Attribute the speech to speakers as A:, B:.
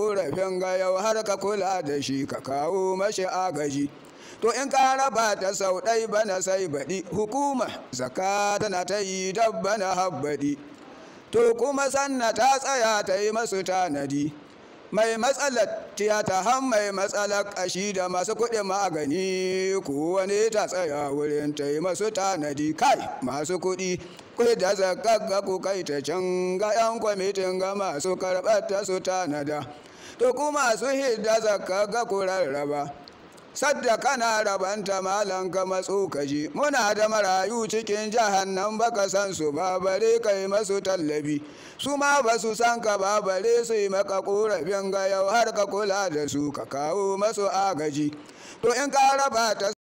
A: korafin ga yau har ka kula da shi ka kawo mashi agaji to in ka raba ta sau ɗai bana sai baɗi hukuma zaka tana ta yi dabbana habbaɗi to kuma sanna ta tsaya ta yi masu tanadi mai matsalar tiyata har mai matsalar ƙashi da masu kuɗin magani ko wani ta tsaya wurin ta yi masu tanadi kai masu kuɗi kuɗi da ga ku kai ta can ga 'yan kwamitin ga masu karɓar ta su tanada to kuma masu hidda zakka ga kurar raba sadda kana rabanta malan ka matso muna da marayu cikin jahannan baka san su ba bare kai masu tallabi su ma ba su san ka babare bare su yi maka korafin ga yau har ka kula da su ka kawo masu agaji to in ka raba ta